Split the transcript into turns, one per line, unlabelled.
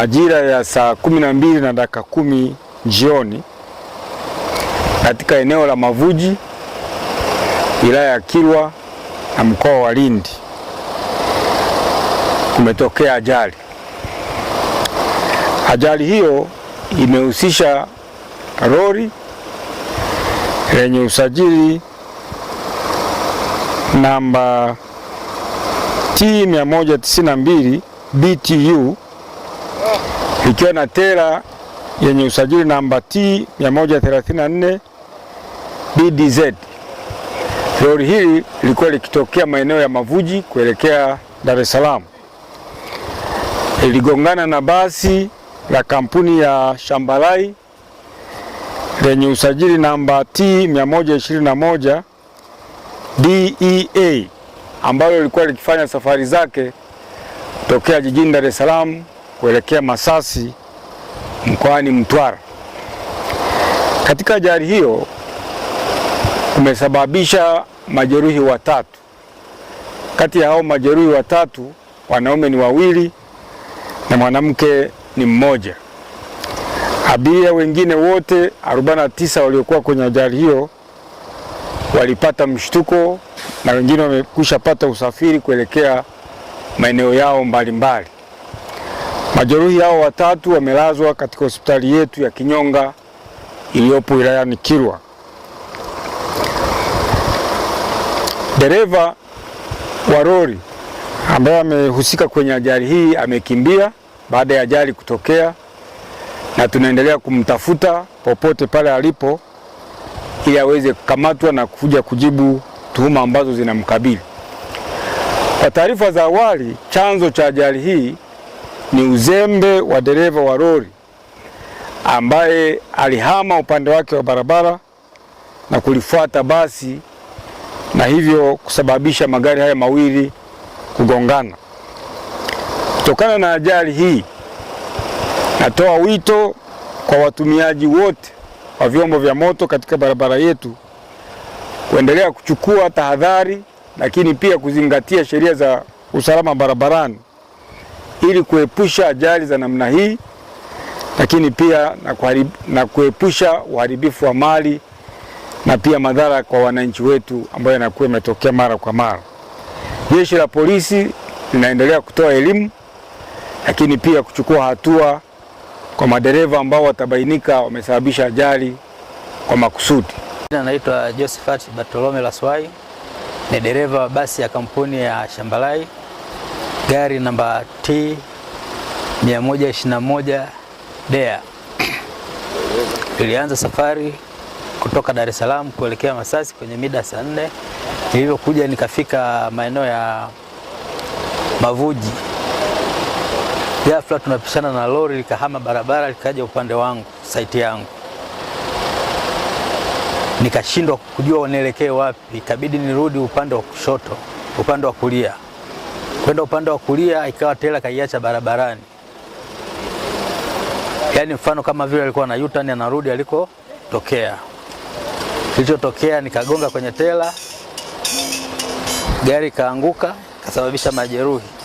majira ya saa kumi na mbili na dakika kumi jioni katika eneo la Mavuji, wilaya ya Kilwa na mkoa wa Lindi kumetokea ajali. Ajali hiyo imehusisha lori lenye usajili namba T192 BTU ikiwa na tela yenye usajili namba T 134 BDZ. Lori hili lilikuwa likitokea maeneo ya Mavuji kuelekea Dar es Salaam, iligongana na basi la kampuni ya Shambalai lenye usajili namba T 121 DEA ambalo lilikuwa likifanya safari zake tokea jijini Dar es Salaam kuelekea Masasi mkoani Mtwara. Katika ajali hiyo kumesababisha majeruhi watatu. Kati ya hao majeruhi watatu, wanaume ni wawili na mwanamke ni mmoja. Abiria wengine wote 49 waliokuwa kwenye ajali hiyo walipata mshtuko na wengine wamekushapata usafiri kuelekea maeneo yao mbalimbali mbali. Majeruhi hao watatu wamelazwa katika hospitali yetu ya Kinyonga iliyopo wilayani Kilwa. Dereva wa lori ambaye amehusika kwenye ajali hii amekimbia baada ya ajali kutokea, na tunaendelea kumtafuta popote pale alipo ili aweze kukamatwa na kuja kujibu tuhuma ambazo zinamkabili. Kwa taarifa za awali, chanzo cha ajali hii ni uzembe wa dereva wa lori ambaye alihama upande wake wa barabara na kulifuata basi na hivyo kusababisha magari haya mawili kugongana. Kutokana na ajali hii, natoa wito kwa watumiaji wote wa vyombo vya moto katika barabara yetu kuendelea kuchukua tahadhari, lakini pia kuzingatia sheria za usalama barabarani ili kuepusha ajali za namna hii, lakini pia na, kuharib, na kuepusha uharibifu wa mali na pia madhara kwa wananchi wetu ambayo yanakuwa imetokea mara kwa mara. Jeshi la polisi linaendelea kutoa elimu, lakini pia kuchukua hatua kwa madereva ambao watabainika wamesababisha ajali kwa makusudi.
Naitwa Josephat Bartolome Laswai, ni dereva wa basi ya kampuni ya Shambalai gari namba T 121 DEA lilianza safari kutoka Dar es Salaam kuelekea Masasi kwenye mida saa nne. Nilivyokuja nikafika maeneo ya Mavuji, ghafla tunapishana na lori likahama barabara likaja upande wangu saiti yangu, nikashindwa kujua nielekee wapi, ikabidi nirudi upande wa kushoto, upande wa kulia kwenda upande wa kulia, ikawa tela kaiacha barabarani, yaani mfano kama vile alikuwa na yutani anarudi alikotokea. Kilichotokea nikagonga kwenye tela, gari ikaanguka, kasababisha majeruhi.